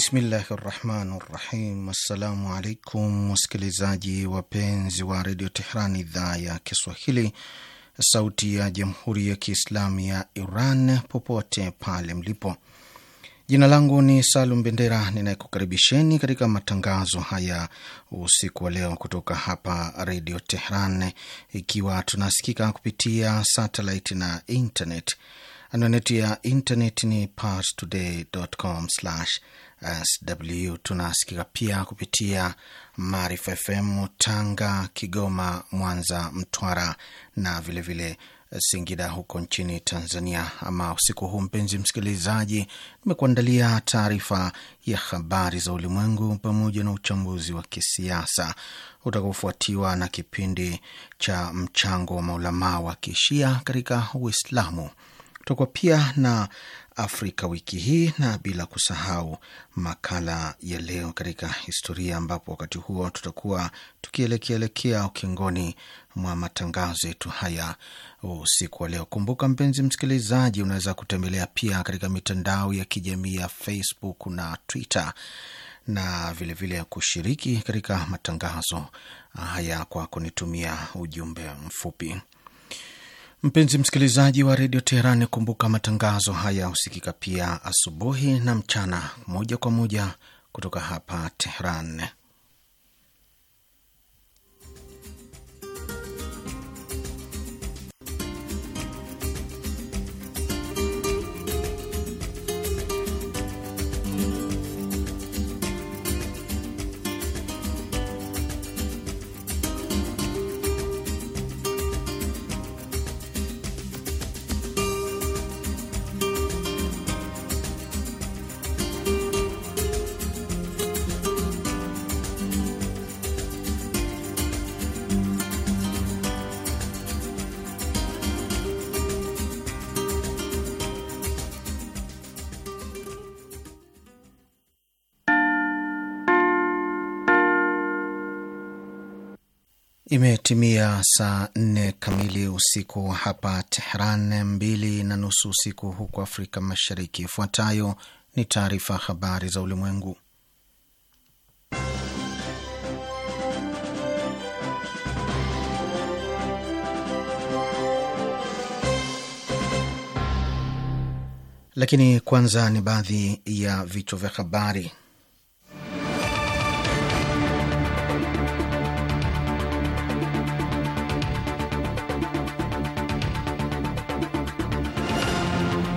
Bismillahi rahmani rahim. Assalamu alaikum wasikilizaji wapenzi wa redio Tehran, idhaa ya Kiswahili, sauti ya jamhuri ya kiislamu ya Iran, popote pale mlipo. Jina langu ni Salum Bendera, ninayekukaribisheni katika matangazo haya usiku wa leo kutoka hapa redio Tehran, ikiwa tunasikika kupitia satelit na internet. Anwani ya intaneti ni parstoday.com/sw. Tunasikika pia kupitia Maarifa FM Tanga, Kigoma, Mwanza, Mtwara na vilevile vile Singida huko nchini Tanzania. Ama usiku huu, mpenzi msikilizaji, nimekuandalia taarifa ya habari za ulimwengu pamoja na uchambuzi wa kisiasa utakaofuatiwa na kipindi cha mchango wa maulamaa wa kishia katika Uislamu tutakuwa pia na Afrika wiki hii na bila kusahau makala ya leo katika historia, ambapo wakati huo tutakuwa tukielekeaelekea ukingoni mwa matangazo yetu haya usiku wa leo. Kumbuka mpenzi msikilizaji, unaweza kutembelea pia katika mitandao ya kijamii ya Facebook na Twitter na vilevile vile kushiriki katika matangazo haya kwa kunitumia ujumbe mfupi. Mpenzi msikilizaji wa redio Teherani, kumbuka matangazo haya husikika pia asubuhi na mchana, moja kwa moja kutoka hapa Teheran. Imetimia saa nne kamili usiku hapa Tehran, mbili na nusu usiku huko Afrika Mashariki. Ifuatayo ni taarifa habari za ulimwengu, lakini kwanza ni baadhi ya vichwa vya habari.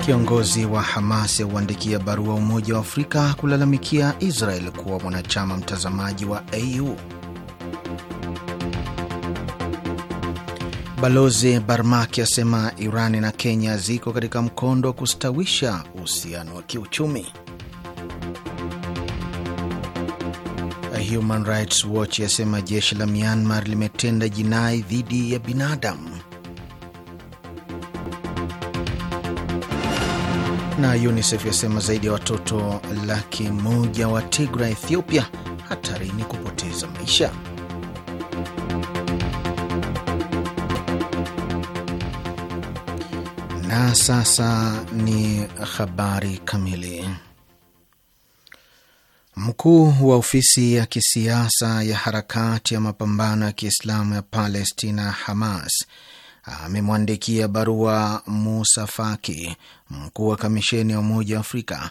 Kiongozi wa Hamas auandikia barua Umoja wa Afrika kulalamikia Israel kuwa mwanachama mtazamaji wa AU. Balozi Barmaki asema iran na Kenya ziko katika mkondo wa kustawisha uhusiano wa kiuchumi. Human Rights Watch yasema jeshi la Myanmar limetenda jinai dhidi ya binadamu. Na UNICEF yasema zaidi ya watoto laki moja wa Tigra, Ethiopia, hatarini kupoteza maisha. Na sasa ni habari kamili. Mkuu wa ofisi ya kisiasa ya harakati ya mapambano ya Kiislamu ya Palestina, Hamas, amemwandikia barua Musa Faki, mkuu wa kamisheni ya Umoja wa Afrika,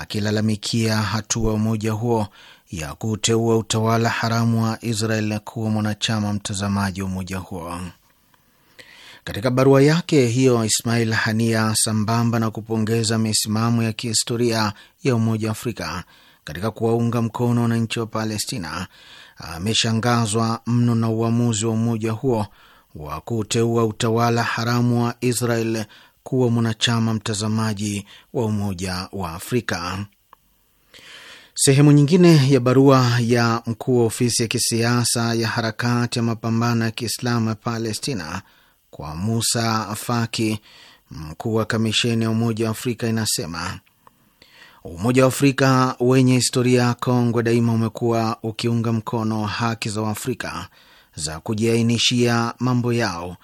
akilalamikia hatua umoja huo ya kuteua utawala haramu wa Israel kuwa mwanachama mtazamaji wa umoja huo. Katika barua yake hiyo, Ismail Hania, sambamba na kupongeza misimamo ya kihistoria ya Umoja wa Afrika katika kuwaunga mkono wananchi wa Palestina, ameshangazwa mno na uamuzi wa umoja huo wa kuteua utawala haramu wa Israel kuwa mwanachama mtazamaji wa Umoja wa Afrika. Sehemu nyingine ya barua ya mkuu wa ofisi ya kisiasa ya harakati ya mapambano ya Kiislamu ya Palestina kwa Musa Faki, mkuu wa kamisheni ya Umoja wa Afrika, inasema Umoja wa Afrika wenye historia kongwe daima umekuwa ukiunga mkono haki za Waafrika za kujiainishia mambo yao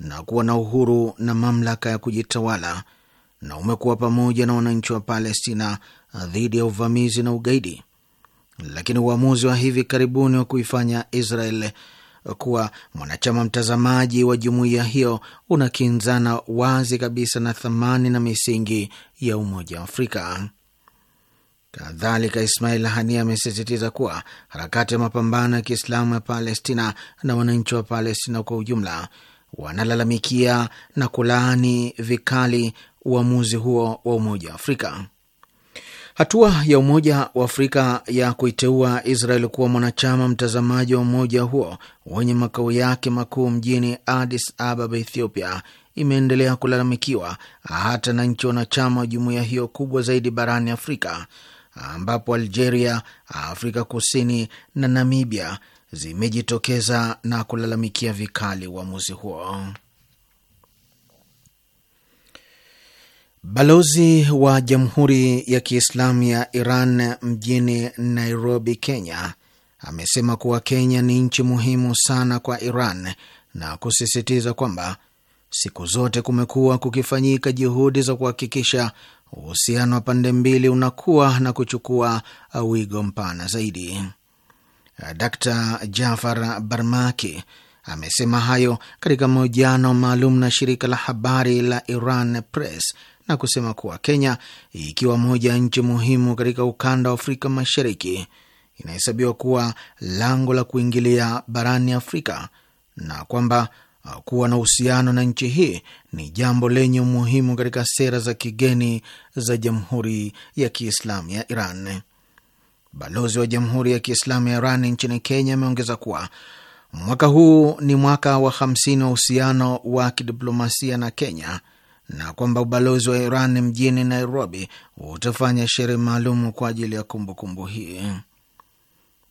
na kuwa na uhuru na mamlaka ya kujitawala na umekuwa pamoja na wananchi wa Palestina dhidi ya uvamizi na ugaidi. Lakini uamuzi wa hivi karibuni wa kuifanya Israel kuwa mwanachama mtazamaji wa jumuiya hiyo unakinzana wazi kabisa na thamani na misingi ya Umoja wa Afrika. Kadhalika, Ismail Hania amesisitiza kuwa harakati ya mapambano ya Kiislamu ya Palestina na wananchi wa Palestina kwa ujumla wanalalamikia na kulaani vikali uamuzi huo wa Umoja wa Afrika. Hatua ya Umoja wa Afrika ya kuiteua Israel kuwa mwanachama mtazamaji wa umoja huo wenye makao yake makuu mjini Addis Ababa, Ethiopia, imeendelea kulalamikiwa hata na nchi wanachama wa jumuiya hiyo kubwa zaidi barani Afrika ambapo Algeria, Afrika Kusini na Namibia zimejitokeza na kulalamikia vikali uamuzi huo. Balozi wa Jamhuri ya Kiislamu ya Iran mjini Nairobi, Kenya, amesema kuwa Kenya ni nchi muhimu sana kwa Iran na kusisitiza kwamba siku zote kumekuwa kukifanyika juhudi za kuhakikisha uhusiano wa pande mbili unakuwa na kuchukua uh, wigo mpana zaidi. Uh, Dr Jafar Barmaki amesema hayo katika mahojiano maalum na shirika la habari la Iran Press na kusema kuwa Kenya, ikiwa moja ya nchi muhimu katika ukanda wa Afrika Mashariki, inahesabiwa kuwa lango la kuingilia barani Afrika na kwamba Ah, kuwa na uhusiano na nchi hii ni jambo lenye umuhimu katika sera za kigeni za Jamhuri ya Kiislamu ya Iran. Balozi wa Jamhuri ya Kiislamu ya Iran nchini Kenya ameongeza kuwa mwaka huu ni mwaka wa 50 wa uhusiano wa kidiplomasia na Kenya na kwamba ubalozi wa Iran mjini Nairobi utafanya sherehe maalum kwa ajili ya kumbukumbu hii.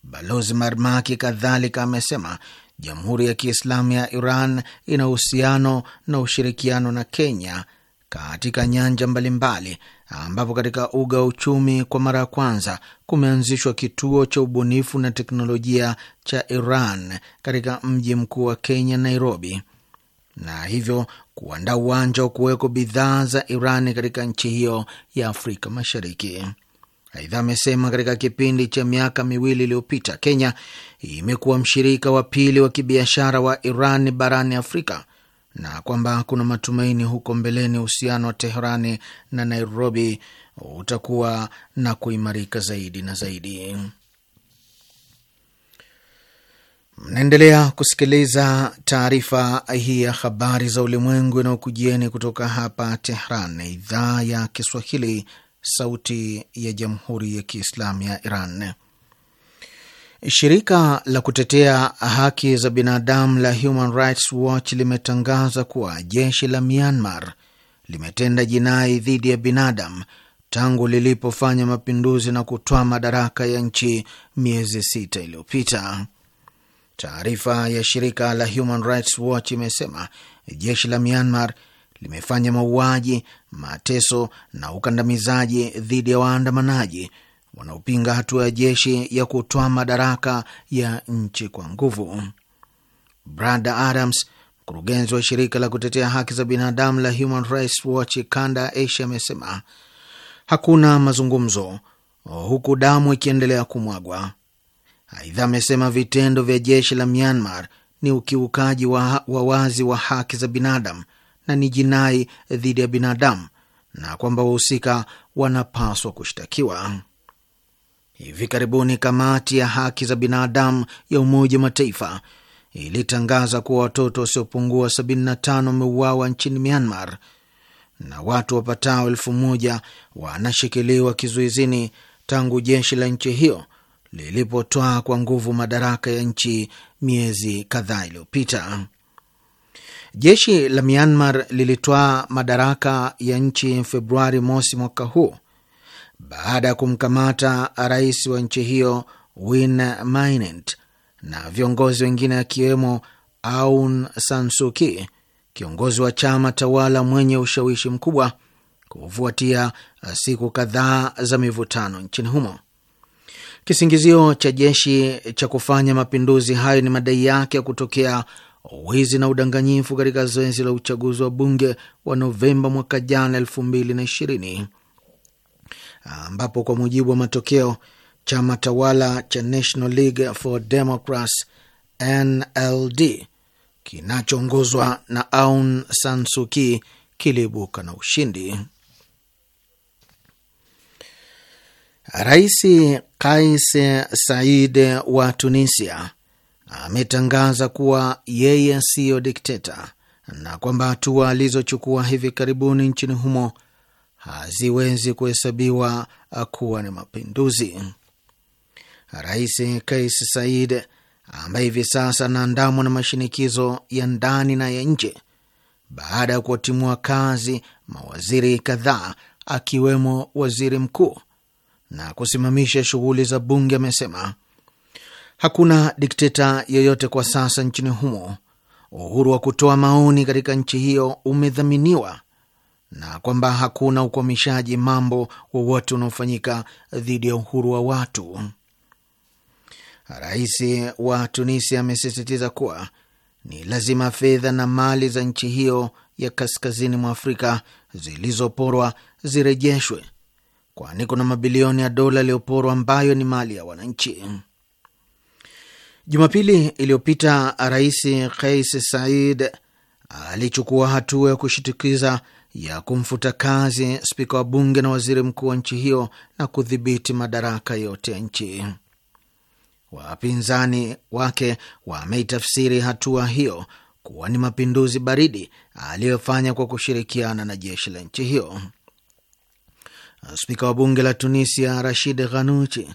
Balozi Marmaki kadhalika amesema Jamhuri ya Kiislamu ya Iran ina uhusiano na ushirikiano na Kenya katika nyanja mbalimbali ambapo katika uga wa uchumi kwa mara ya kwanza kumeanzishwa kituo cha ubunifu na teknolojia cha Iran katika mji mkuu wa Kenya, Nairobi, na hivyo kuandaa uwanja wa kuwekwa bidhaa za Iran katika nchi hiyo ya Afrika Mashariki. Aidha, amesema katika kipindi cha miaka miwili iliyopita Kenya imekuwa mshirika wa pili wa kibiashara wa Iran barani Afrika na kwamba kuna matumaini huko mbeleni uhusiano wa Teherani na Nairobi utakuwa na kuimarika zaidi na zaidi. Mnaendelea kusikiliza taarifa hii ya habari za ulimwengu inayokujieni kutoka hapa Tehran, idhaa ya Kiswahili, sauti ya jamhuri ya kiislamu ya Iran. Shirika la kutetea haki za binadamu la Human Rights Watch limetangaza kuwa jeshi la Myanmar limetenda jinai dhidi ya binadamu tangu lilipofanya mapinduzi na kutoa madaraka ya nchi miezi sita iliyopita. Taarifa ya shirika la Human Rights Watch imesema jeshi la Myanmar limefanya mauaji, mateso na ukandamizaji dhidi ya waandamanaji wanaopinga hatua ya jeshi ya kutoa madaraka ya nchi kwa nguvu. Brad Adams, mkurugenzi wa shirika la kutetea haki za binadamu la Human Rights Watch kanda ya Asia, amesema hakuna mazungumzo huku damu ikiendelea kumwagwa. Aidha, amesema vitendo vya jeshi la Myanmar ni ukiukaji wa, wa wazi wa haki za binadamu na ni jinai dhidi ya binadamu na kwamba wahusika wanapaswa kushtakiwa. Hivi karibuni kamati ya haki za binadamu ya Umoja wa Mataifa ilitangaza kuwa watoto wasiopungua 75 wameuawa nchini Myanmar na watu wapatao elfu moja wanashikiliwa kizuizini tangu jeshi la nchi hiyo lilipotwaa kwa nguvu madaraka ya nchi miezi kadhaa iliyopita. Jeshi la Myanmar lilitwaa madaraka ya nchi Februari mosi mwaka huu baada ya kumkamata rais wa nchi hiyo Win Minint na viongozi wengine akiwemo Aung San Suu Kyi, kiongozi wa chama tawala mwenye ushawishi mkubwa, kufuatia siku kadhaa za mivutano nchini humo. Kisingizio cha jeshi cha kufanya mapinduzi hayo ni madai yake ya kutokea wizi na udanganyifu katika zoezi la uchaguzi wa bunge wa Novemba mwaka jana elfu mbili na ishirini ambapo kwa mujibu wa matokeo chama tawala cha National League for Democracy NLD kinachoongozwa na Aung San Suu Kyi kiliibuka na ushindi. Rais Kais Saied wa Tunisia ametangaza kuwa yeye siyo dikteta na kwamba hatua alizochukua hivi karibuni nchini humo haziwezi kuhesabiwa kuwa ni mapinduzi. Rais Kais Said ambaye hivi sasa anaandamwa na mashinikizo ya ndani na ya nje baada ya kuwatimua kazi mawaziri kadhaa akiwemo waziri mkuu na kusimamisha shughuli za bunge, amesema hakuna dikteta yoyote kwa sasa nchini humo. Uhuru wa kutoa maoni katika nchi hiyo umedhaminiwa na kwamba hakuna ukwamishaji mambo wowote unaofanyika dhidi ya uhuru wa watu. Rais wa Tunisia amesisitiza kuwa ni lazima fedha na mali za nchi hiyo ya kaskazini mwa Afrika zilizoporwa zirejeshwe, kwani kuna mabilioni ya dola yaliyoporwa ambayo ni mali ya wananchi. Jumapili iliyopita Rais Kais said alichukua hatua ya kushitukiza ya kumfuta kazi spika wa bunge na waziri mkuu wa nchi hiyo na kudhibiti madaraka yote ya nchi. Wapinzani wake wameitafsiri hatua hiyo kuwa ni mapinduzi baridi aliyofanya kwa kushirikiana na jeshi la nchi hiyo. Spika wa bunge la Tunisia Rashid Ghanuchi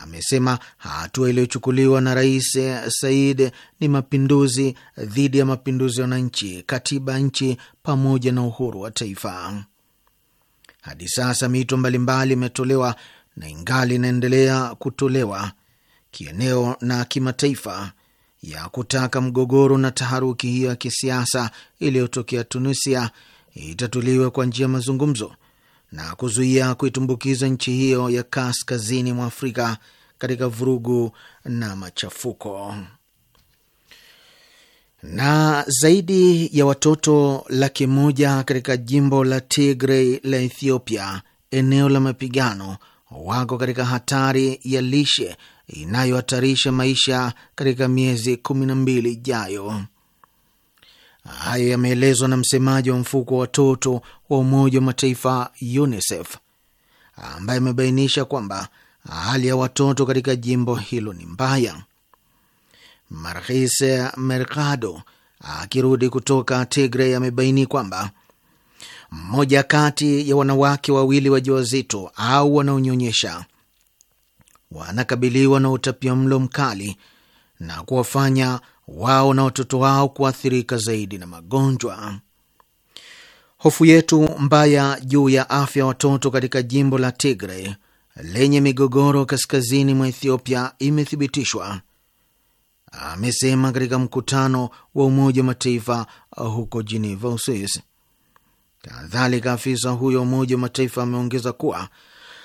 amesema hatua iliyochukuliwa na Rais Said ni mapinduzi dhidi ya mapinduzi ya wananchi, katiba ya nchi pamoja na uhuru wa taifa. Hadi sasa mito mbalimbali imetolewa na ingali inaendelea kutolewa kieneo na kimataifa ya kutaka mgogoro na taharuki hiyo ya kisiasa iliyotokea Tunisia itatuliwe kwa njia ya mazungumzo na kuzuia kuitumbukiza nchi hiyo ya kaskazini mwa Afrika katika vurugu na machafuko. Na zaidi ya watoto laki moja katika jimbo la Tigray la Ethiopia, eneo la mapigano, wako katika hatari ya lishe inayohatarisha maisha katika miezi kumi na mbili ijayo. Hayo yameelezwa na msemaji wa mfuko wa watoto wa Umoja wa Mataifa UNICEF ambaye amebainisha kwamba hali ya watoto katika jimbo hilo ni mbaya. Marhis Mercado akirudi kutoka Tigray amebaini kwamba mmoja kati ya wanawake wawili wajawazito au wanaonyonyesha wanakabiliwa na utapia mlo mkali na kuwafanya wao na watoto wao kuathirika zaidi na magonjwa. Hofu yetu mbaya juu ya afya ya watoto katika jimbo la Tigray lenye migogoro kaskazini mwa Ethiopia imethibitishwa, amesema katika mkutano wa Umoja wa Mataifa huko Geneva, Uswisi. Kadhalika, afisa huyo wa Umoja wa Mataifa ameongeza kuwa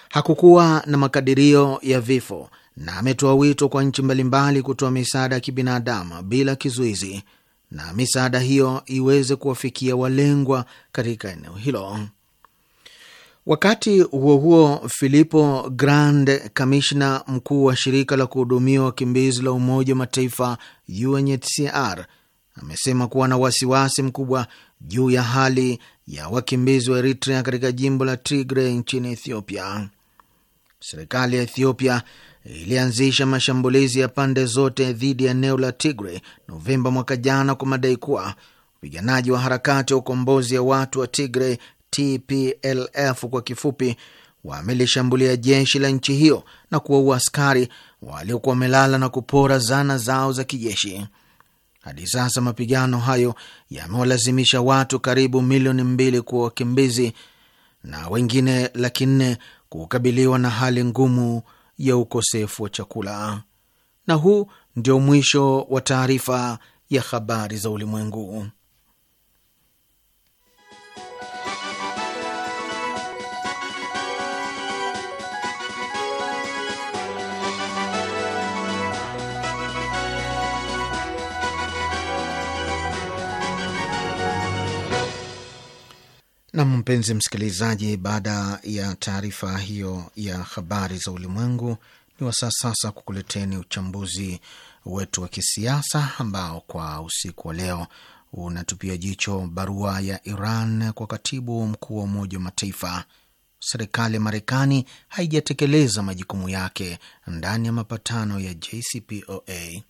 hakukuwa na makadirio ya vifo na ametoa wito kwa nchi mbalimbali kutoa misaada ya kibinadamu bila kizuizi na misaada hiyo iweze kuwafikia walengwa katika eneo hilo. Wakati huo huo, Filipo grand kamishna mkuu wa shirika la kuhudumia wakimbizi la Umoja wa Mataifa UNHCR, amesema kuwa na wasiwasi mkubwa juu ya hali ya wakimbizi wa Eritrea katika jimbo la Tigre nchini Ethiopia. Serikali ya Ethiopia ilianzisha mashambulizi ya pande zote dhidi ya eneo la Tigre Novemba mwaka jana kwa madai kuwa wapiganaji wa harakati ya ukombozi ya watu wa Tigre TPLF kwa kifupi wamelishambulia jeshi la nchi hiyo na kuwaua askari waliokuwa wamelala na kupora zana zao za kijeshi. Hadi sasa mapigano hayo yamewalazimisha watu karibu milioni mbili kuwa wakimbizi na wengine laki nne kukabiliwa na hali ngumu ya ukosefu wa chakula. Na huu ndio mwisho wa taarifa ya habari za ulimwengu. Na mpenzi msikilizaji, baada ya taarifa hiyo ya habari za ulimwengu, ni wasaa sasa kukuleteni uchambuzi wetu wa kisiasa ambao kwa usiku wa leo unatupia jicho barua ya Iran kwa katibu mkuu wa Umoja wa Mataifa. Serikali ya Marekani haijatekeleza majukumu yake ndani ya mapatano ya JCPOA.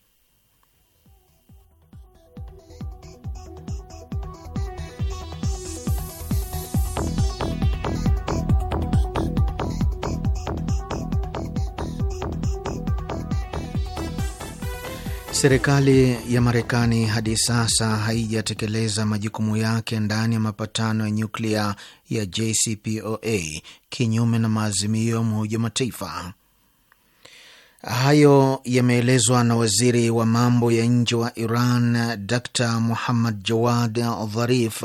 Serikali ya Marekani hadi sasa haijatekeleza majukumu yake ndani ya mapatano ya nyuklia ya JCPOA kinyume na maazimio ya Umoja wa Mataifa. Hayo yameelezwa na waziri wa mambo ya nje wa Iran Dr Muhammad Jawad Dharif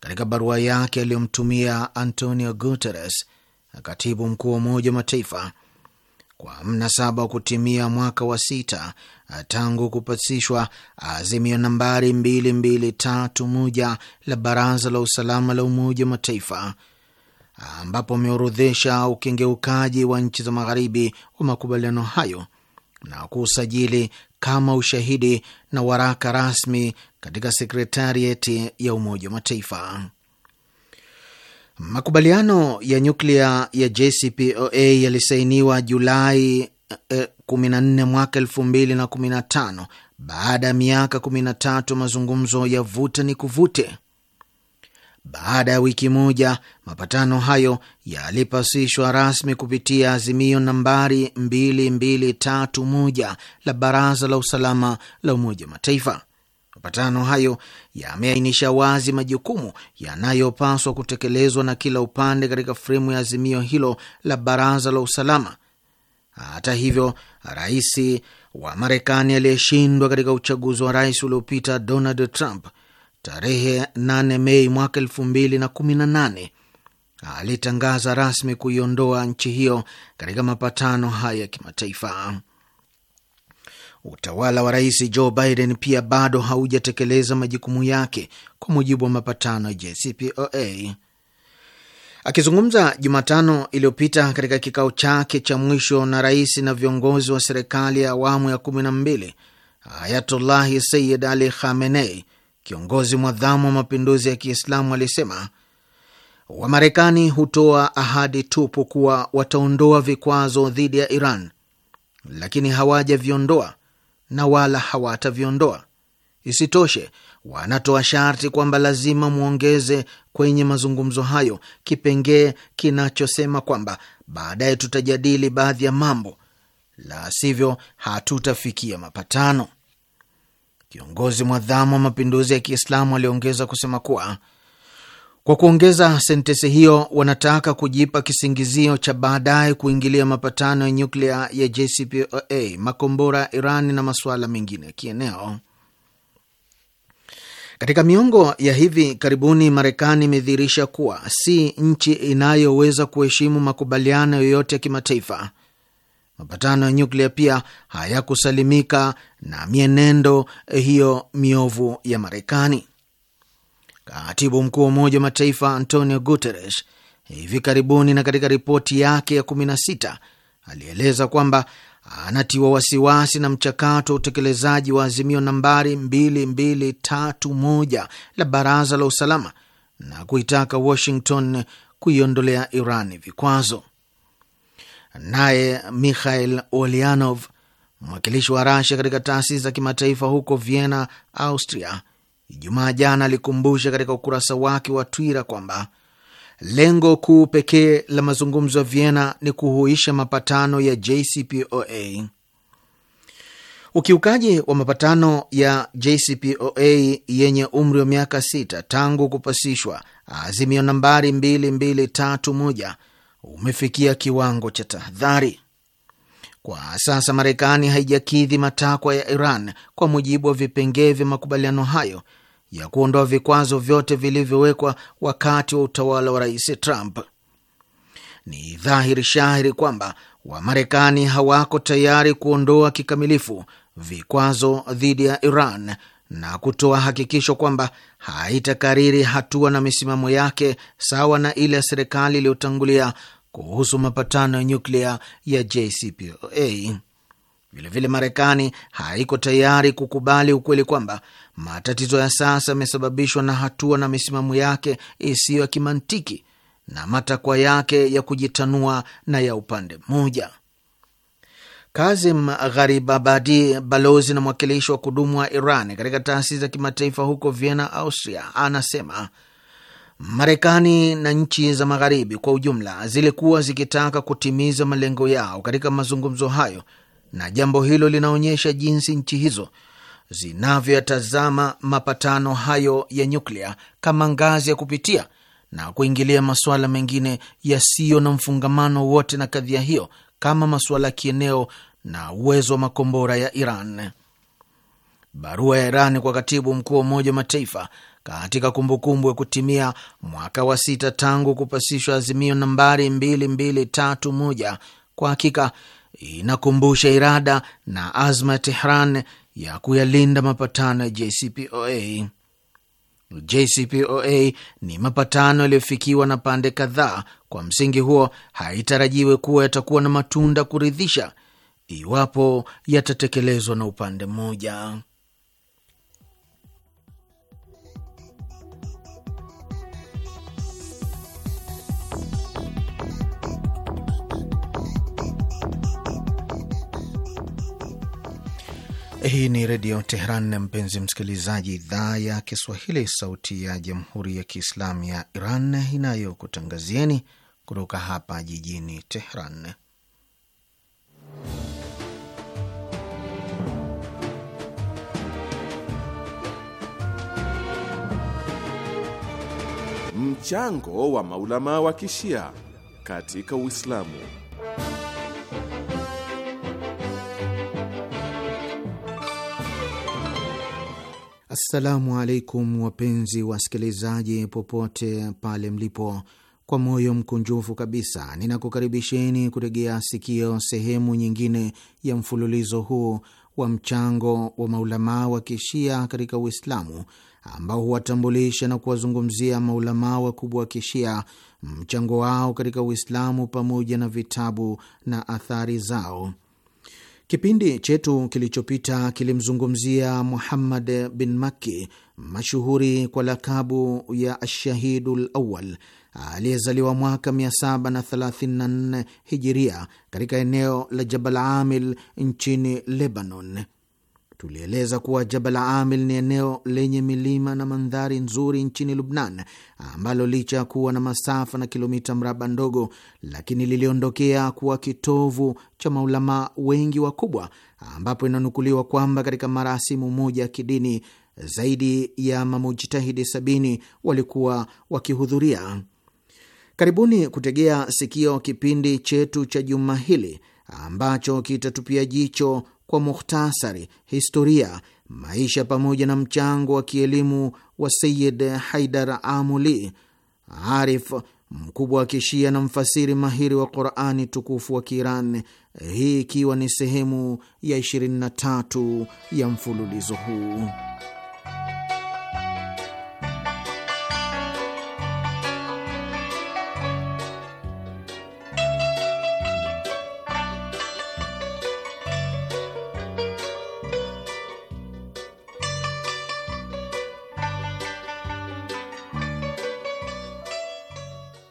katika barua yake aliyomtumia Antonio Guterres, katibu mkuu wa Umoja wa Mataifa, kwa mnasaba wa kutimia mwaka wa sita Ah, tangu kupasishwa ah, azimio nambari 2231 la Baraza la Usalama la Umoja wa Mataifa ah, ambapo ameorodhesha ukengeukaji wa nchi za magharibi wa makubaliano hayo na kuusajili kama ushahidi na waraka rasmi katika sekretarieti ya Umoja wa Mataifa. Makubaliano ya nyuklia ya JCPOA yalisainiwa Julai 14 eh, mwaka 2015 baada ya miaka 13 mazungumzo ya vuta ni kuvute. Baada ya wiki moja, mapatano hayo yalipasishwa rasmi kupitia azimio nambari 2231 la Baraza la Usalama la Umoja wa Mataifa. Mapatano hayo yameainisha wazi majukumu yanayopaswa kutekelezwa na kila upande katika fremu ya azimio hilo la Baraza la Usalama hata hivyo, rais wa Marekani aliyeshindwa katika uchaguzi wa rais uliopita Donald Trump tarehe 8 Mei mwaka 2018 alitangaza rasmi kuiondoa nchi hiyo katika mapatano haya ya kimataifa. Utawala wa rais Joe Biden pia bado haujatekeleza majukumu yake kwa mujibu wa mapatano ya JCPOA. Akizungumza Jumatano iliyopita katika kikao chake cha mwisho na rais na viongozi wa serikali ya awamu ya kumi na mbili, Ayatullahi sayid Ali Khamenei, kiongozi mwadhamu wa mapinduzi ya Kiislamu, alisema Wamarekani hutoa ahadi tupu kuwa wataondoa vikwazo dhidi ya Iran, lakini hawajaviondoa na wala hawataviondoa. Isitoshe, wanatoa sharti kwamba lazima mwongeze kwenye mazungumzo hayo kipengee kinachosema kwamba baadaye tutajadili baadhi ya mambo, la sivyo hatutafikia mapatano. Kiongozi mwadhamu wa mapinduzi ya Kiislamu aliongeza kusema kuwa kwa kuongeza sentensi hiyo wanataka kujipa kisingizio cha baadaye kuingilia mapatano ya nyuklia ya JCPOA, makombora ya na masuala mengine ya kieneo. Katika miongo ya hivi karibuni, Marekani imedhihirisha kuwa si nchi inayoweza kuheshimu makubaliano yoyote ya kimataifa. Mapatano ya nyuklia pia hayakusalimika na mienendo hiyo miovu ya Marekani. Katibu mkuu wa Umoja wa Mataifa Antonio Guterres hivi karibuni na katika ripoti yake ya 16 alieleza kwamba anatiwa wasiwasi na mchakato wa utekelezaji wa azimio nambari 2231 la Baraza la Usalama na kuitaka Washington kuiondolea Iran vikwazo. Naye Mikhail Olianov, mwakilishi wa Rasia katika taasisi za kimataifa huko Vienna, Austria, Ijumaa jana alikumbusha katika ukurasa wake wa Twitter kwamba Lengo kuu pekee la mazungumzo ya Vienna ni kuhuisha mapatano ya JCPOA. Ukiukaji wa mapatano ya JCPOA yenye umri wa miaka sita tangu kupasishwa azimio nambari 2231 umefikia kiwango cha tahadhari. Kwa sasa Marekani haijakidhi matakwa ya Iran kwa mujibu wa vipengee vya makubaliano hayo ya kuondoa vikwazo vyote vilivyowekwa wakati wa utawala wa Rais Trump. Ni dhahiri shahiri kwamba Wamarekani hawako tayari kuondoa kikamilifu vikwazo dhidi ya Iran na kutoa hakikisho kwamba haitakariri hatua na misimamo yake sawa na ile ya serikali iliyotangulia kuhusu mapatano ya nyuklia ya JCPOA. Vilevile, Marekani haiko tayari kukubali ukweli kwamba matatizo ya sasa yamesababishwa na hatua na misimamo yake isiyo ya kimantiki na matakwa yake ya kujitanua na ya upande mmoja. Kazim Gharibabadi, balozi na mwakilishi wa kudumu wa Iran katika taasisi za kimataifa huko Vienna, Austria, anasema Marekani na nchi za Magharibi kwa ujumla zilikuwa zikitaka kutimiza malengo yao katika mazungumzo hayo, na jambo hilo linaonyesha jinsi nchi hizo zinavyotazama mapatano hayo ya nyuklia kama ngazi ya kupitia na kuingilia masuala mengine yasiyo na mfungamano wote na kadhia hiyo kama masuala ya kieneo na uwezo wa makombora ya Iran. Barua ya Iran kwa katibu mkuu wa Umoja wa Mataifa katika kumbukumbu ya kutimia mwaka wa sita tangu kupasishwa azimio nambari 2231 kwa hakika inakumbusha irada na azma ya Tehran ya kuyalinda mapatano ya JCPOA. JCPOA ni mapatano yaliyofikiwa na pande kadhaa. Kwa msingi huo, haitarajiwe kuwa yatakuwa na matunda kuridhisha iwapo yatatekelezwa na upande mmoja. Hii ni Redio Tehran, mpenzi msikilizaji, idhaa ya Kiswahili, sauti ya Jamhuri ya Kiislamu ya Iran inayokutangazieni kutoka hapa jijini Tehran. Mchango wa maulama wa kishia katika Uislamu. Assalamu alaikum wapenzi wasikilizaji, popote pale mlipo, kwa moyo mkunjufu kabisa ninakukaribisheni kuregea sikio sehemu nyingine ya mfululizo huu wa mchango wa maulamaa wa kishia katika Uislamu ambao huwatambulisha na kuwazungumzia maulamaa wakubwa wa kishia, mchango wao katika Uislamu pamoja na vitabu na athari zao. Kipindi chetu kilichopita kilimzungumzia Muhammad bin Makki, mashuhuri kwa lakabu ya Ashahidu Lawal, aliyezaliwa mwaka 734 Hijiria katika eneo la Jabal Amil nchini Lebanon tulieleza kuwa Jabal Amil ni eneo lenye milima na mandhari nzuri nchini Lubnan, ambalo licha ya kuwa na masafa na kilomita mraba ndogo, lakini liliondokea kuwa kitovu cha maulamaa wengi wakubwa, ambapo inanukuliwa kwamba katika marasimu moja ya kidini zaidi ya mamujtahidi sabini walikuwa wakihudhuria. Karibuni kutegea sikio kipindi chetu cha juma hili ambacho kitatupia jicho kwa mukhtasari historia, maisha pamoja na mchango wa kielimu wa Sayid Haidar Amuli, arif mkubwa wa kishia na mfasiri mahiri wa Qurani tukufu wa Kiiran, hii ikiwa ni sehemu ya 23 ya mfululizo huu.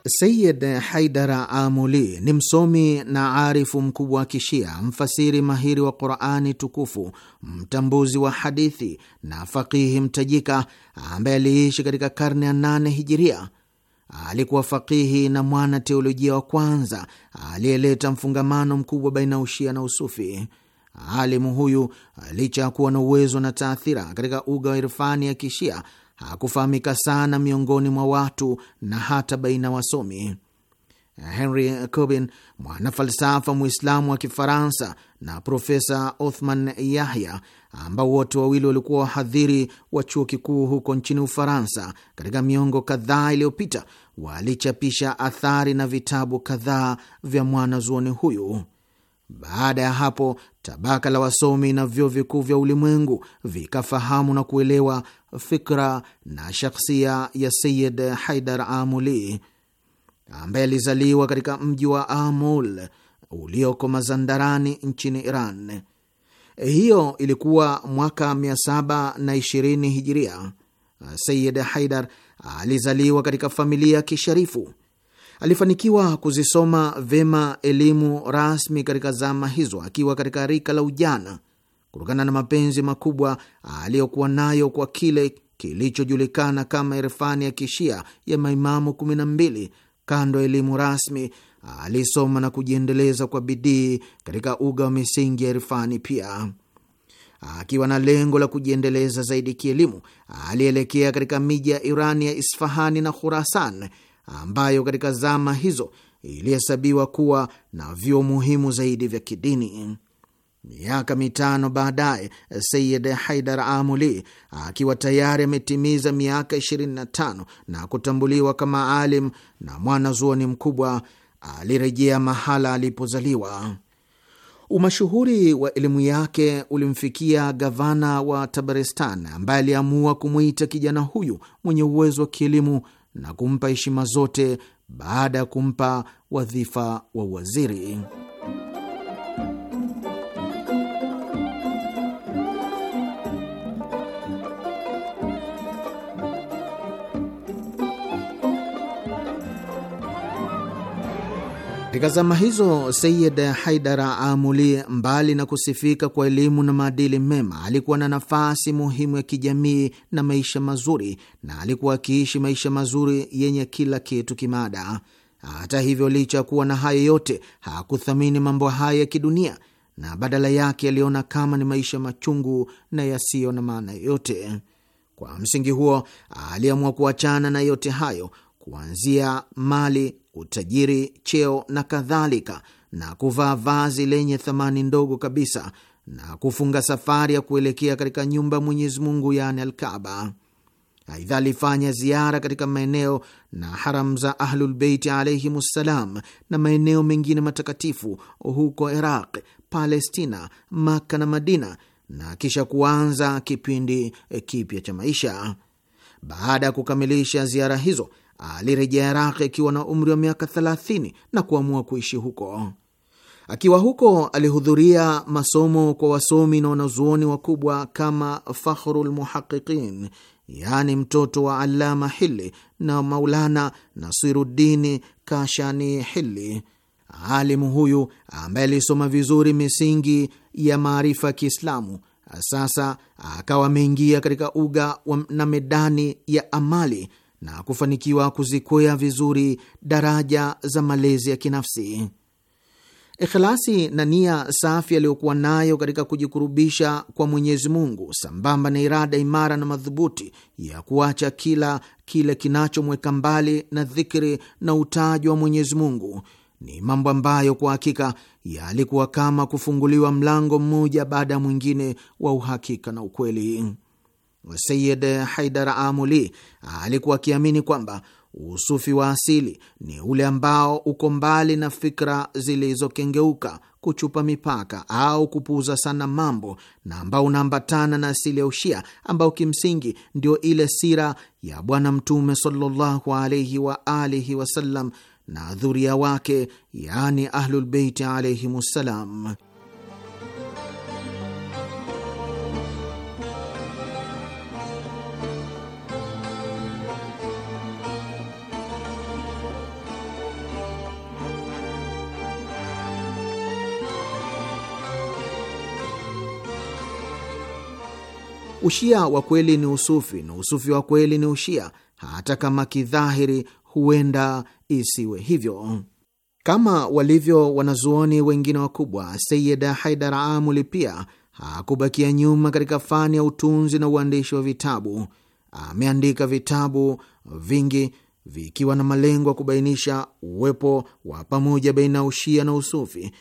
Sayid Haidar Amuli ni msomi na arifu mkubwa wa Kishia, mfasiri mahiri wa Qurani Tukufu, mtambuzi wa hadithi na faqihi mtajika, ambaye aliishi katika karne ya nane Hijiria. Alikuwa faqihi na mwana teolojia wa kwanza aliyeleta mfungamano mkubwa baina ya Ushia na Usufi. Alimu huyu licha ya kuwa na uwezo na taathira katika uga wa irfani ya Kishia hakufahamika sana miongoni mwa watu na hata baina wasomi. Henry Corbin, mwanafalsafa Mwislamu wa Kifaransa, na Profesa Othman Yahya, ambao wote wawili walikuwa wahadhiri wa chuo kikuu huko nchini Ufaransa, katika miongo kadhaa iliyopita walichapisha athari na vitabu kadhaa vya mwanazuoni huyu. Baada ya hapo tabaka la wasomi na vyuo vikuu vya ulimwengu vikafahamu na kuelewa fikra na shakhsia ya Sayid Haidar Amuli ambaye alizaliwa katika mji wa Amul ulioko Mazandarani nchini Iran. Hiyo ilikuwa mwaka 720 Hijiria. Sayid Haidar alizaliwa katika familia ya kisharifu Alifanikiwa kuzisoma vema elimu rasmi katika zama hizo akiwa katika rika la ujana, kutokana na mapenzi makubwa aliyokuwa nayo kwa kile kilichojulikana kama irfani ya kishia ya maimamu kumi na mbili. Kando ya elimu rasmi, alisoma na kujiendeleza kwa bidii katika uga wa misingi ya irfani pia. Akiwa na lengo la kujiendeleza zaidi kielimu, alielekea katika miji ya Irani ya Isfahani na Khurasan ambayo katika zama hizo ilihesabiwa kuwa na vyuo muhimu zaidi vya kidini. Miaka mitano baadaye, Sayid Haidar Amuli akiwa tayari ametimiza miaka 25 na kutambuliwa kama alim na mwanazuoni mkubwa, alirejea mahala alipozaliwa. Umashuhuri wa elimu yake ulimfikia gavana wa Tabaristan ambaye aliamua kumwita kijana huyu mwenye uwezo wa kielimu na kumpa heshima zote baada ya kumpa wadhifa wa uwaziri. Katika zama hizo Sayid Haidara Amuli, mbali na kusifika kwa elimu na maadili mema, alikuwa na nafasi muhimu ya kijamii na maisha mazuri, na alikuwa akiishi maisha mazuri yenye kila kitu kimaada. Hata hivyo, licha ya kuwa na haya yote, hakuthamini mambo haya ya kidunia, na badala yake aliona kama ni maisha machungu na yasiyo na maana yoyote. Kwa msingi huo, aliamua kuachana na yote hayo kuanzia mali, utajiri, cheo na kadhalika, na kuvaa vazi lenye thamani ndogo kabisa na kufunga safari ya kuelekea katika nyumba mwenyezimungu Mwenyezi Mungu, yaani Alkaba. Aidha, alifanya ziara katika maeneo na haram za Ahlulbeiti alaihimussalam na maeneo mengine matakatifu huko Iraq, Palestina, Makka na Madina, na kisha kuanza kipindi kipya cha maisha. Baada ya kukamilisha ziara hizo alirejea Iraq akiwa na umri wa miaka 30 na kuamua kuishi huko. Akiwa huko alihudhuria masomo kwa wasomi na wanazuoni wakubwa kama Fakhrul Muhaqiqin, yaani mtoto wa Allama Hili na Maulana Nasiruddini Kashani Hili. Alimu huyu ambaye alisoma vizuri misingi ya maarifa ya Kiislamu sasa akawa ameingia katika uga na medani ya amali na kufanikiwa kuzikwea vizuri daraja za malezi ya kinafsi. Ikhlasi na nia safi aliyokuwa nayo katika kujikurubisha kwa Mwenyezi Mungu, sambamba na irada imara na madhubuti ya kuacha kila kile kinachomweka mbali na dhikri na utajwa wa Mwenyezi Mungu ni mambo ambayo kwa hakika yalikuwa kama kufunguliwa mlango mmoja baada ya mwingine wa uhakika na ukweli. Sayid Haidar Amuli alikuwa akiamini kwamba usufi wa asili ni ule ambao uko mbali na fikra zilizokengeuka, kuchupa mipaka au kupuuza sana mambo, na ambao unaambatana na asili ya Ushia, ambao kimsingi ndio ile sira ya Bwana Mtume sallallahu alaihi wa alihi wasallam na dhuria wake, yaani Ahlulbeiti alaihim ssalam. Ushia wa kweli ni usufi na usufi wa kweli ni ushia, hata kama kidhahiri huenda isiwe hivyo. Kama walivyo wanazuoni wengine wakubwa, Sayida Haidar Amuli pia hakubakia nyuma katika fani ya utunzi na uandishi wa vitabu. Ameandika vitabu vingi vikiwa na malengo ya kubainisha uwepo wa pamoja baina ya ushia na usufi.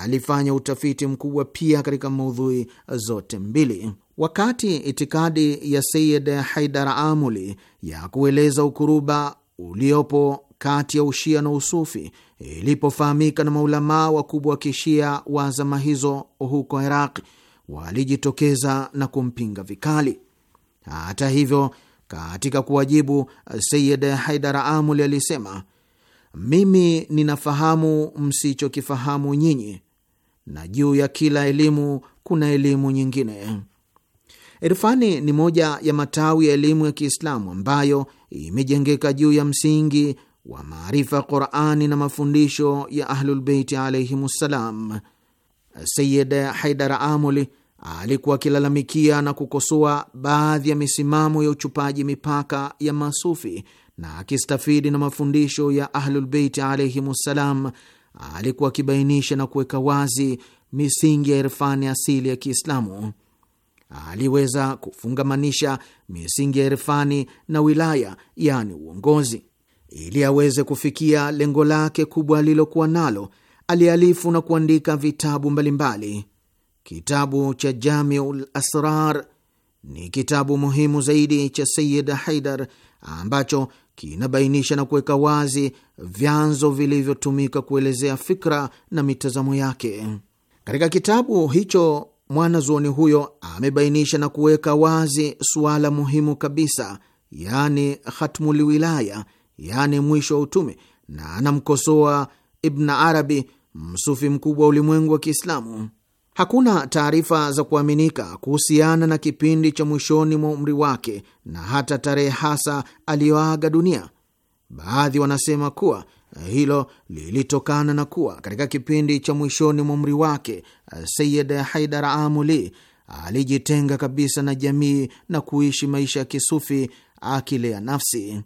Alifanya utafiti mkubwa pia katika maudhui zote mbili. Wakati itikadi ya Sayid Haidar Amuli ya kueleza ukuruba uliopo kati ya ushia na usufi ilipofahamika na maulamaa wakubwa wa kishia wa zama hizo huko Iraqi, walijitokeza na kumpinga vikali. Hata hivyo, katika kuwajibu, Sayid Haidar Amuli alisema, mimi ninafahamu msichokifahamu nyinyi, na juu ya kila elimu kuna elimu nyingine. Irfani ni moja ya matawi ya elimu ya Kiislamu ambayo imejengeka juu ya msingi wa maarifa ya Qurani na mafundisho ya Ahlulbeiti alaihimussalam. Sayid Haidar Amuli alikuwa akilalamikia na kukosoa baadhi ya misimamo ya uchupaji mipaka ya masufi, na akistafidi na mafundisho ya Ahlulbeiti alaihimussalam, alikuwa akibainisha na kuweka wazi misingi ya irfani asili ya Kiislamu aliweza kufungamanisha misingi ya irfani na wilaya, yaani uongozi, ili aweze kufikia lengo lake kubwa alilokuwa nalo. Alialifu na kuandika vitabu mbalimbali. Kitabu cha Jamiul Asrar ni kitabu muhimu zaidi cha Sayid Haidar ambacho kinabainisha na kuweka wazi vyanzo vilivyotumika kuelezea fikra na mitazamo yake. Katika kitabu hicho mwanazuoni huyo amebainisha na kuweka wazi suala muhimu kabisa, yani hatmuliwilaya, yaani mwisho wa utume, na anamkosoa Ibn Arabi, msufi mkubwa wa ulimwengu wa Kiislamu. Hakuna taarifa za kuaminika kuhusiana na kipindi cha mwishoni mwa umri wake na hata tarehe hasa aliyoaga dunia. Baadhi wanasema kuwa Eh, hilo lilitokana na kuwa katika kipindi cha mwishoni mwa umri wake eh, Sayid Haidar Amuli alijitenga kabisa na jamii na kuishi maisha ya kisufi akilea nafsi.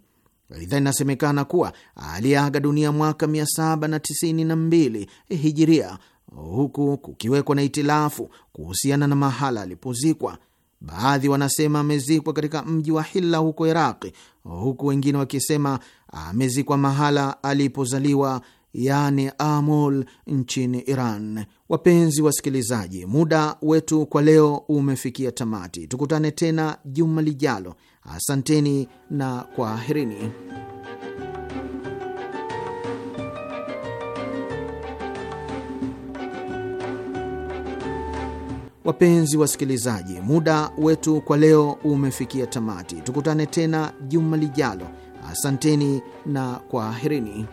Aidha, inasemekana kuwa aliaga dunia mwaka 792 hijiria, huku kukiwekwa na itilafu kuhusiana na mahala alipozikwa. Baadhi wanasema amezikwa katika mji wa Hilla huko Iraqi, huku wengine wakisema amezikwa mahala alipozaliwa yani Amol nchini Iran. Wapenzi wasikilizaji, muda wetu kwa leo umefikia tamati. Tukutane tena juma lijalo. Asanteni na kwaherini. Wapenzi wasikilizaji, muda wetu kwa leo umefikia tamati. Tukutane tena juma lijalo. Asanteni na kwaherini.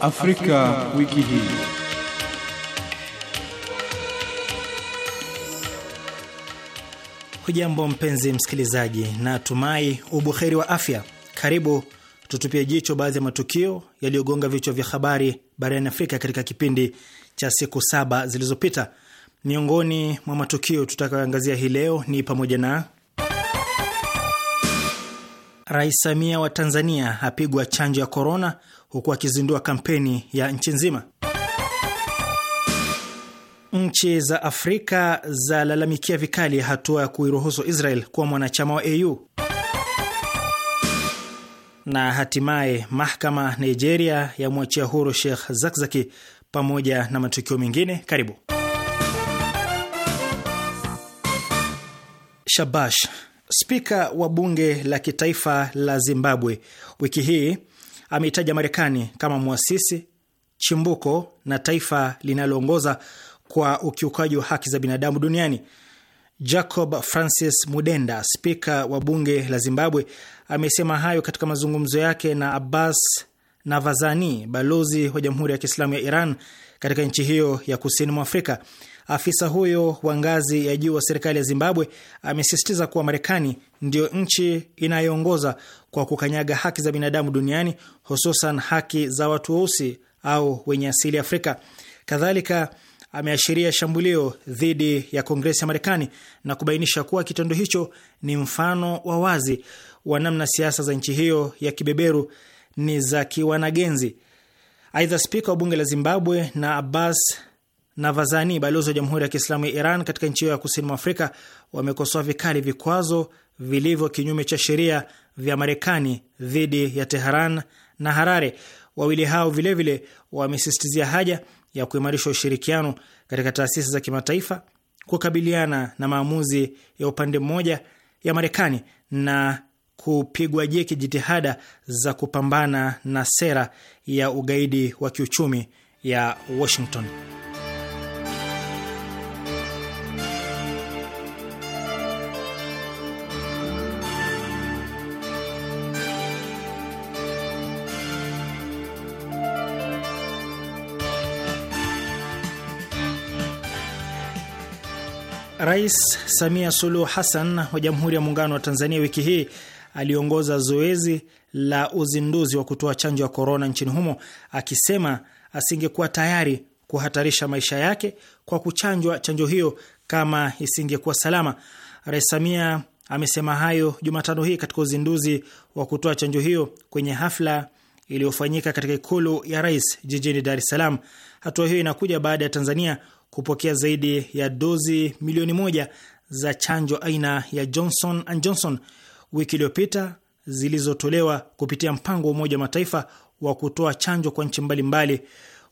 Afrika, wiki hii. Hujambo mpenzi msikilizaji, na tumai ubuheri wa afya. Karibu tutupie jicho baadhi ya matukio yaliyogonga vichwa vya habari barani Afrika katika kipindi cha siku saba zilizopita. Miongoni mwa matukio tutakayoangazia hii leo ni pamoja na Rais Samia wa Tanzania apigwa chanjo ya korona huku akizindua kampeni ya nchi nzima. Nchi za Afrika zalalamikia vikali hatua ya kuiruhusu Israel kuwa mwanachama wa AU. Na hatimaye mahakama Nigeria yamwachia huru Sheikh Zakzaki, pamoja na matukio mengine. Karibu Shabash. Spika wa bunge la kitaifa la Zimbabwe wiki hii ameitaja Marekani kama mwasisi, chimbuko na taifa linaloongoza kwa ukiukaji wa haki za binadamu duniani. Jacob Francis Mudenda, spika wa bunge la Zimbabwe, amesema hayo katika mazungumzo yake na Abbas Navazani, balozi wa Jamhuri ya Kiislamu ya Iran katika nchi hiyo ya kusini mwa Afrika. Afisa huyo wa ngazi ya juu wa serikali ya Zimbabwe amesisitiza kuwa Marekani ndiyo nchi inayoongoza kwa kukanyaga haki za binadamu duniani, hususan haki za watu weusi au wenye asili Afrika. Kadhalika ameashiria shambulio dhidi ya Kongresi ya Marekani na kubainisha kuwa kitendo hicho ni mfano wa wazi wa namna siasa za nchi hiyo ya kibeberu ni za kiwanagenzi. Aidha, spika wa bunge la Zimbabwe na Abbas Navazani, balozi wa Jamhuri ya Kiislamu ya Iran katika nchi hiyo ya kusini mwa Afrika, wamekosoa vikali vikwazo vilivyo kinyume cha sheria vya Marekani dhidi ya Teheran na Harare. Wawili hao vilevile wamesisitizia haja ya kuimarisha ushirikiano katika taasisi za kimataifa kukabiliana na maamuzi ya upande mmoja ya Marekani na kupigwa jeki jitihada za kupambana na sera ya ugaidi wa kiuchumi ya Washington. Rais Samia Suluhu Hassan wa Jamhuri ya Muungano wa Tanzania wiki hii aliongoza zoezi la uzinduzi wa kutoa chanjo ya korona nchini humo, akisema asingekuwa tayari kuhatarisha maisha yake kwa kuchanjwa chanjo hiyo kama isingekuwa salama. Rais Samia amesema hayo Jumatano hii katika uzinduzi wa kutoa chanjo hiyo kwenye hafla iliyofanyika katika Ikulu ya Rais jijini Dar es Salaam. Hatua hiyo inakuja baada ya Tanzania kupokea zaidi ya dozi milioni moja za chanjo aina ya Johnson and Johnson wiki iliyopita zilizotolewa kupitia mpango wa Umoja wa Mataifa wa kutoa chanjo kwa nchi mbalimbali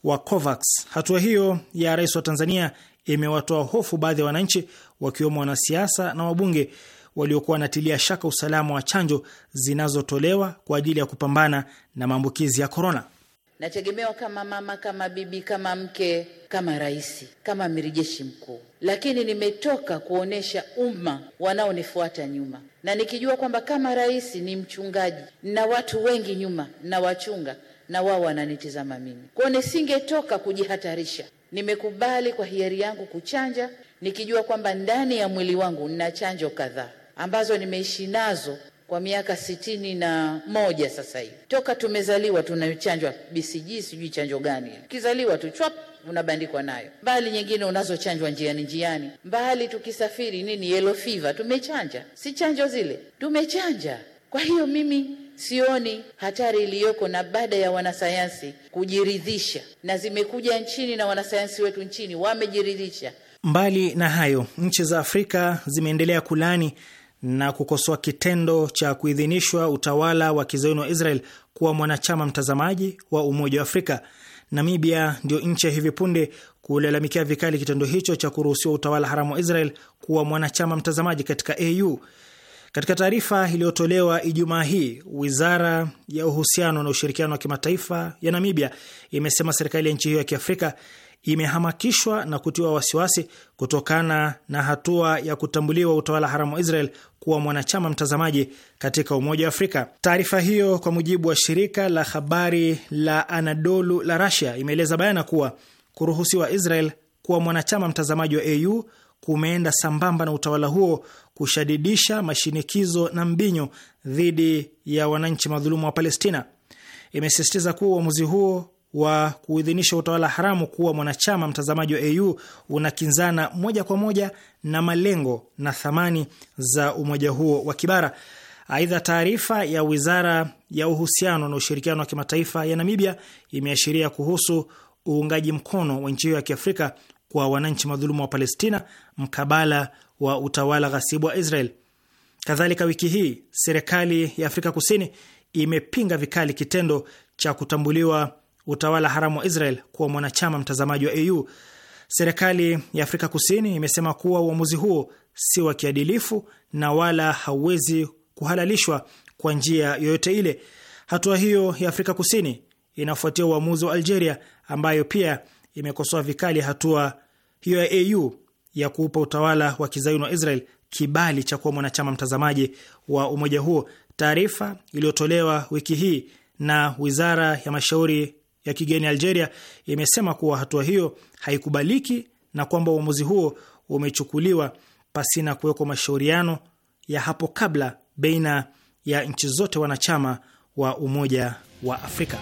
wa COVAX. Hatua hiyo ya rais wa Tanzania imewatoa hofu baadhi ya wananchi, wakiwemo wanasiasa na wabunge waliokuwa wanatilia shaka usalama wa chanjo zinazotolewa kwa ajili ya kupambana na maambukizi ya korona nategemewa kama mama, kama bibi, kama mke, kama rais, kama amiri jeshi mkuu, lakini nimetoka kuonesha umma wanaonifuata nyuma, na nikijua kwamba kama rais ni mchungaji na watu wengi nyuma na wachunga na wao wananitizama mimi, kwao nisingetoka kujihatarisha. Nimekubali kwa hiari yangu kuchanja, nikijua kwamba ndani ya mwili wangu nina chanjo kadhaa ambazo nimeishi nazo kwa miaka sitini na moja sasa hivi. Toka tumezaliwa tunachanjwa BCG, sijui chanjo gani ile, ukizaliwa tu chwap unabandikwa nayo, mbali nyingine unazochanjwa njiani njiani, mbali tukisafiri nini, yellow fever tumechanja, si chanjo zile tumechanja. Kwa hiyo mimi sioni hatari iliyoko, na baada ya wanasayansi kujiridhisha, na zimekuja nchini na wanasayansi wetu nchini wamejiridhisha. Mbali na hayo, nchi za Afrika zimeendelea kulani na kukosoa kitendo cha kuidhinishwa utawala wa kizayuni wa Israel kuwa mwanachama mtazamaji wa Umoja wa Afrika. Namibia ndio nchi ya hivi punde kulalamikia vikali kitendo hicho cha kuruhusiwa utawala haramu wa Israel kuwa mwanachama mtazamaji katika AU. Katika taarifa iliyotolewa Ijumaa hii, wizara ya uhusiano na ushirikiano wa kimataifa ya Namibia imesema serikali ya nchi hiyo ya kiafrika imehamakishwa na kutiwa wasiwasi kutokana na hatua ya kutambuliwa utawala haramu wa Israel kuwa mwanachama mtazamaji katika Umoja wa Afrika. Taarifa hiyo kwa mujibu wa shirika la habari la Anadolu la rasia imeeleza bayana kuwa kuruhusiwa Israel kuwa mwanachama mtazamaji wa AU kumeenda sambamba na utawala huo kushadidisha mashinikizo na mbinyo dhidi ya wananchi madhulumu wa Palestina. Imesisitiza kuwa uamuzi huo wa kuidhinisha utawala haramu kuwa mwanachama mtazamaji wa AU unakinzana moja kwa moja na malengo na thamani za umoja huo wa kibara. Aidha, taarifa ya wizara ya uhusiano na ushirikiano wa kimataifa ya Namibia imeashiria kuhusu uungaji mkono wa nchi hiyo ya kiafrika kwa wananchi madhuluma wa Palestina mkabala wa utawala ghasibu wa Israel. Kadhalika, wiki hii serikali ya Afrika Kusini imepinga vikali kitendo cha kutambuliwa utawala haramu wa Israel kuwa mwanachama mtazamaji wa AU. Serikali ya Afrika Kusini imesema kuwa uamuzi huo si wa kiadilifu na wala hauwezi kuhalalishwa kwa njia yoyote ile. Hatua hiyo ya Afrika Kusini inafuatia uamuzi wa Algeria ambayo pia imekosoa vikali hatua hiyo ya AU ya kuupa utawala wa kizayuni wa Israel kibali cha kuwa mwanachama mtazamaji wa umoja huo. Taarifa iliyotolewa wiki hii na wizara ya mashauri ya kigeni Algeria imesema kuwa hatua hiyo haikubaliki na kwamba uamuzi huo umechukuliwa pasina kuwekwa mashauriano ya hapo kabla baina ya nchi zote wanachama wa Umoja wa Afrika.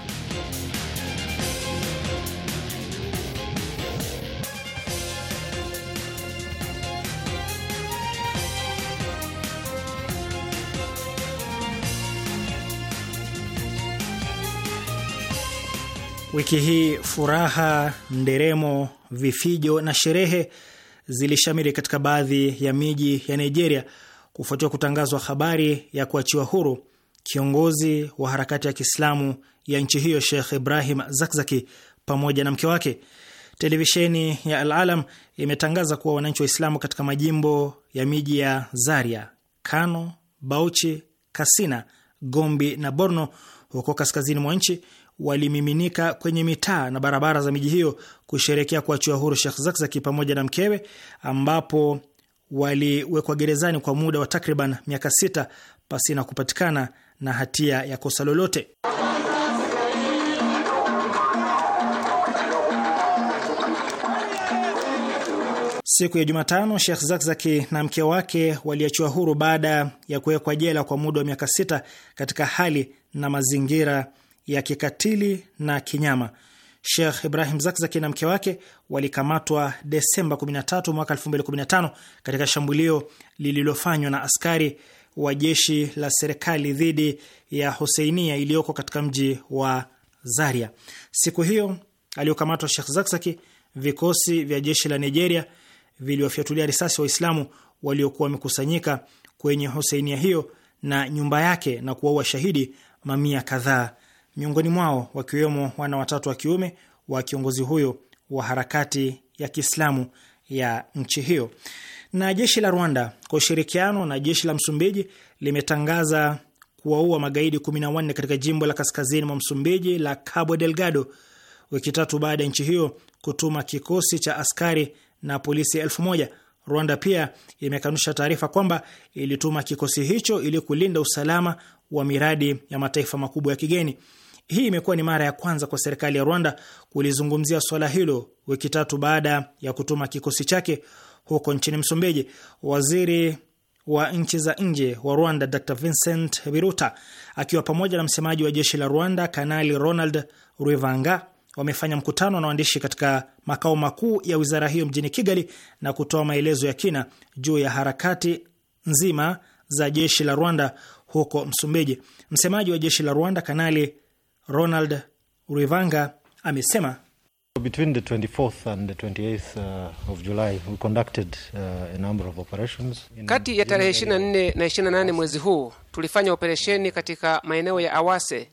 Wiki hii furaha, nderemo, vifijo na sherehe zilishamiri katika baadhi ya miji ya Nigeria kufuatia kutangazwa habari ya kuachiwa huru kiongozi wa harakati ya Kiislamu ya nchi hiyo Sheikh Ibrahim Zakzaki pamoja na mke wake. Televisheni ya Al Alam imetangaza kuwa wananchi Waislamu katika majimbo ya miji ya Zaria, Kano, Bauchi, Kasina, gombi na Borno huko kaskazini mwa nchi walimiminika kwenye mitaa na barabara za miji hiyo kusherekea kuachiwa huru shekh Zakzaki pamoja na mkewe, ambapo waliwekwa gerezani kwa muda wa takriban miaka sita pasina kupatikana na hatia ya kosa lolote. Siku ya Jumatano, shekh Zakzaki na mke wake waliachiwa huru baada ya kuwekwa jela kwa muda wa miaka sita katika hali na mazingira ya kikatili na kinyama. Sheikh Ibrahim Zakzaki na mke wake walikamatwa Desemba 13 mwaka 2015 katika shambulio lililofanywa na askari wa jeshi la serikali dhidi ya Huseinia iliyoko katika mji wa Zaria. Siku hiyo aliyokamatwa Sheikh Zakzaki, vikosi vya jeshi la Nigeria viliwafyatulia risasi Waislamu waliokuwa wamekusanyika kwenye Huseinia hiyo na nyumba yake na kuwaua shahidi mamia kadhaa miongoni mwao wakiwemo wana watatu wa kiume wa kiongozi huyo wa harakati ya Kiislamu ya nchi hiyo. Na jeshi la Rwanda kwa ushirikiano na jeshi la Msumbiji limetangaza kuwaua magaidi 14 katika jimbo la kaskazini mwa Msumbiji la Cabo Delgado, wiki tatu baada ya nchi hiyo kutuma kikosi cha askari na polisi elfu moja. Rwanda pia imekanusha taarifa kwamba ilituma kikosi hicho ili kulinda usalama wa miradi ya mataifa makubwa ya kigeni. Hii imekuwa ni mara ya kwanza kwa serikali ya Rwanda kulizungumzia swala hilo wiki tatu baada ya kutuma kikosi chake huko nchini Msumbiji. Waziri wa nchi za nje wa Rwanda Dr Vincent Biruta akiwa pamoja na msemaji wa jeshi la Rwanda Kanali Ronald Ruivanga wamefanya mkutano na waandishi katika makao makuu ya wizara hiyo mjini Kigali na kutoa maelezo ya kina juu ya harakati nzima za jeshi la Rwanda huko Msumbiji. Msemaji wa jeshi la Rwanda Kanali Ronald Rivanga amesema Between the 24th and the 28th uh, of July, we conducted uh, a number of operations. Kati ya tarehe 24 na 28 mwezi huu tulifanya operesheni katika maeneo ya Awase.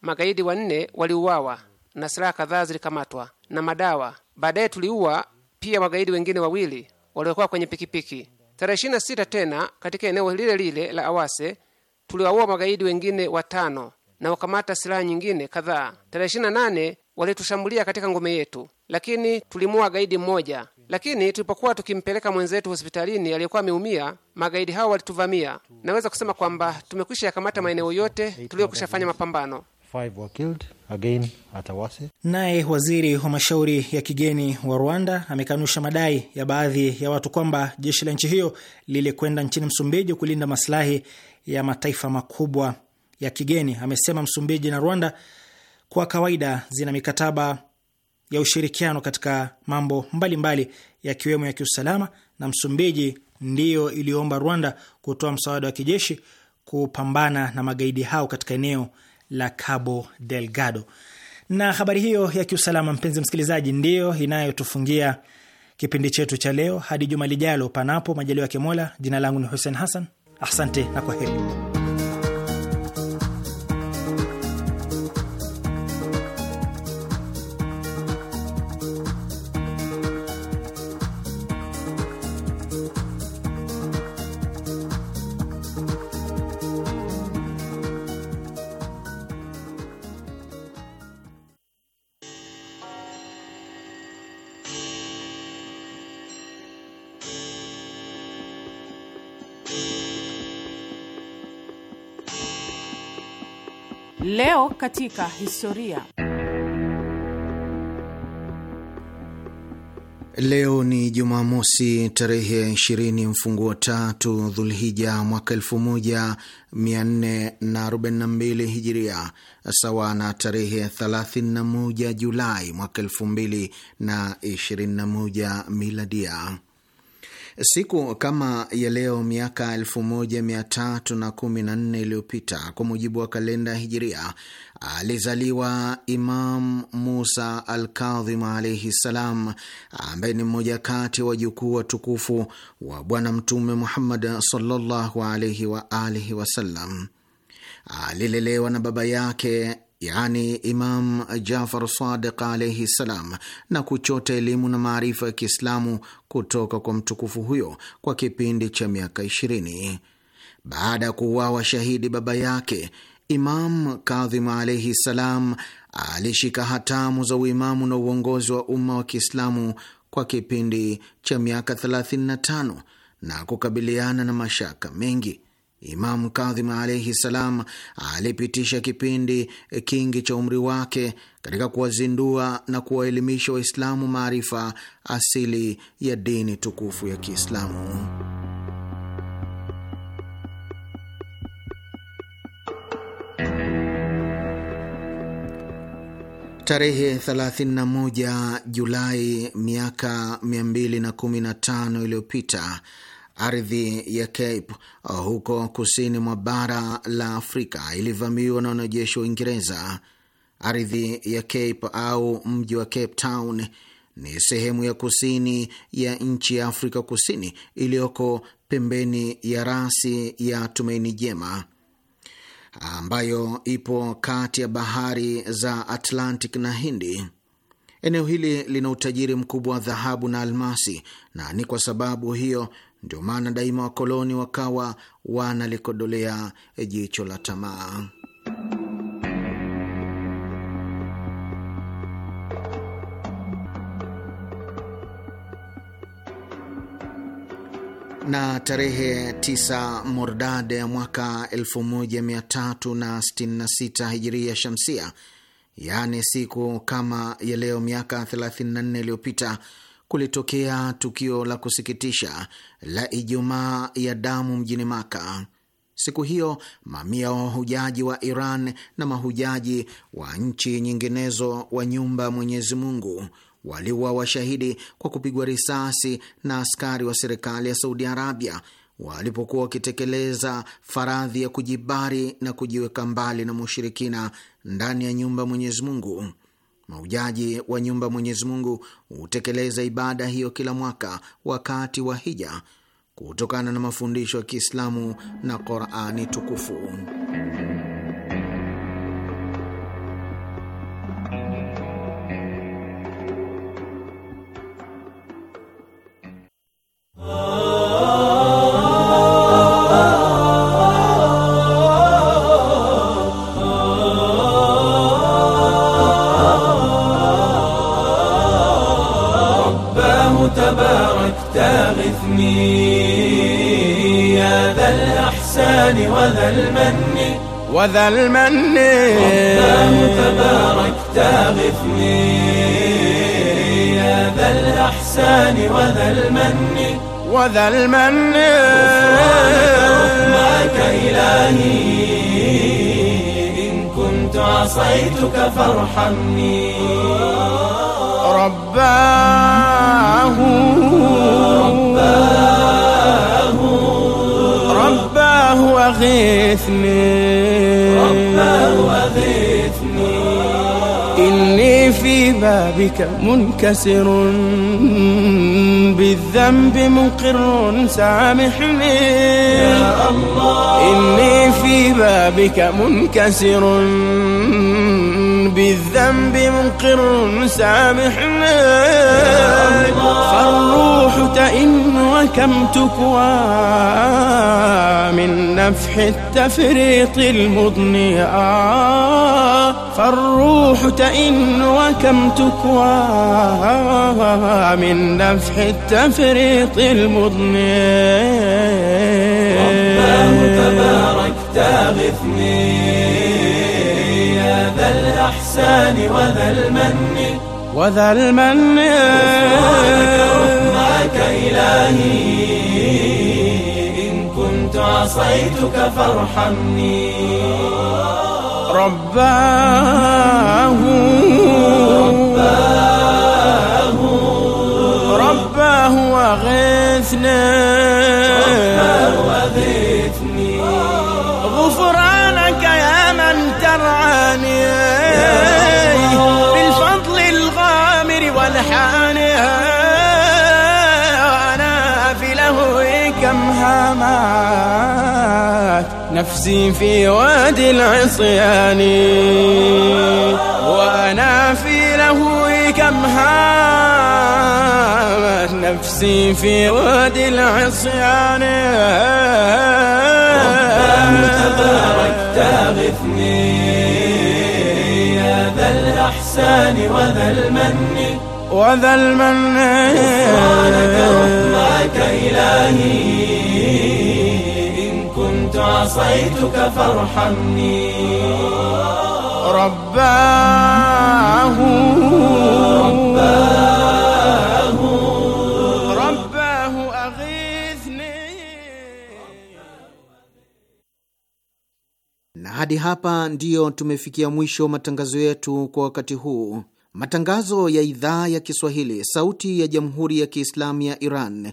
Magaidi wanne waliuawa na silaha kadhaa zilikamatwa na madawa. Baadaye tuliua pia magaidi wengine wawili waliokuwa kwenye pikipiki. Tarehe 26 tena katika eneo lile lile la Awase tuliwaua magaidi wengine watano na wakamata silaha nyingine kadhaa. Tarehe nane walitushambulia katika ngome yetu, lakini tulimua gaidi mmoja. Lakini tulipokuwa tukimpeleka mwenzetu hospitalini aliyekuwa ameumia, magaidi hao walituvamia. Naweza kusema kwamba tumekwisha yakamata maeneo yote tuliyokwisha fanya mapambano. Naye waziri wa mashauri ya kigeni wa Rwanda amekanusha madai ya baadhi ya watu kwamba jeshi la nchi hiyo lilikwenda nchini Msumbiji kulinda masilahi ya mataifa makubwa ya kigeni. Amesema Msumbiji na Rwanda kwa kawaida zina mikataba ya ushirikiano katika mambo mbalimbali yakiwemo ya kiusalama, na Msumbiji ndiyo iliyoomba Rwanda kutoa msaada wa kijeshi kupambana na magaidi hao katika eneo la Cabo Delgado. Na habari hiyo ya kiusalama, mpenzi msikilizaji, ndiyo inayotufungia kipindi chetu cha leo. Hadi juma lijalo, panapo majaliwa ya Mola. Jina langu ni Hussein Hassan, asante na kwa heri. Leo katika historia. Leo ni Jumamosi tarehe 20 mfunguo tatu Dhulhija mwaka 1442 Hijiria, sawa na tarehe 31 Julai mwaka 2021 Miladia. Siku kama ya leo miaka 1314 iliyopita kwa mujibu wa kalenda Hijiria, alizaliwa Imam Musa al Kadhim alaihi ssalam, ambaye ni mmoja kati wa jukuu wa tukufu wa Bwana Mtume Muhammad sallallahu alaihi waalihi wasallam. Alilelewa na baba yake yani Imam Jafar Sadiq alaihi ssalam, na kuchota elimu na maarifa ya Kiislamu kutoka kwa mtukufu huyo kwa kipindi cha miaka 20. Baada ya kuuawa shahidi baba yake, Imam Kadhimu alaihi ssalam alishika hatamu za uimamu na uongozi wa umma wa Kiislamu kwa kipindi cha miaka 35 na kukabiliana na mashaka mengi. Imamu Kadhim alaihi ssalam alipitisha kipindi kingi cha umri wake katika kuwazindua na kuwaelimisha Waislamu maarifa asili ya dini tukufu ya Kiislamu. Tarehe 31 Julai miaka 215 iliyopita Ardhi ya Cape huko kusini mwa bara la Afrika ilivamiwa na wanajeshi wa Uingereza. Ardhi ya Cape au mji wa Cape Town ni sehemu ya kusini ya nchi ya Afrika Kusini iliyoko pembeni ya rasi ya Tumaini Jema ambayo ipo kati ya bahari za Atlantic na Hindi. Eneo hili lina utajiri mkubwa wa dhahabu na almasi, na ni kwa sababu hiyo ndio maana daima wakoloni wakawa wanalikodolea jicho la tamaa. na tarehe 9 Mordad ya mwaka 1366 hijiria shamsia, yaani siku kama ya leo miaka 34 iliyopita kulitokea tukio la kusikitisha la Ijumaa ya damu mjini Maka. Siku hiyo mamia wa wahujaji wa Iran na mahujaji wa nchi nyinginezo wa nyumba mwenyezimungu Mwenyezi Mungu washahidi kwa kupigwa risasi na askari wa serikali ya Saudi Arabia walipokuwa wakitekeleza faradhi ya kujibari na kujiweka mbali na mushirikina ndani ya nyumba mwenyezimungu Mwenyezi Mungu. Maujaji wa nyumba Mwenyezi Mungu hutekeleza ibada hiyo kila mwaka wakati wa hija kutokana na mafundisho ya Kiislamu na Qurani tukufu. وذا المن رباه تبارك تغفني يا ذا الأحسان وذا المن وذا المن معك إلهي إن كنت عصيتك فارحمني رباه رباه ربه وغيثني ربه وغثني إني في بابك منكسر بالذنب مقر سامحني يا الله إني في بابك منكسر بالذنب منقر سامحنا فالروح تئن وكم تكوى من نفح التفريط المضني فالروح تئن وكم تكوى من نفح التفريط المضني رباه تبارك تغثني ذا الإحسان وذا المن وذا المن معك إلهي إن كنت عصيتك فارحمني رباه رباه رباه وغثني نفسي في وادي العصيان وأنا في لهوي كم هامت نفسي في وادي العصيان تبارك تغثني يا ذا الأحسان وذا المن وذا المن سبحانك ربك إلهي عصيتك فارحمني رباه na hadi hapa ndiyo tumefikia mwisho matangazo yetu kwa wakati huu. Matangazo ya idhaa ya Kiswahili, sauti ya jamhuri ya Kiislamu ya Iran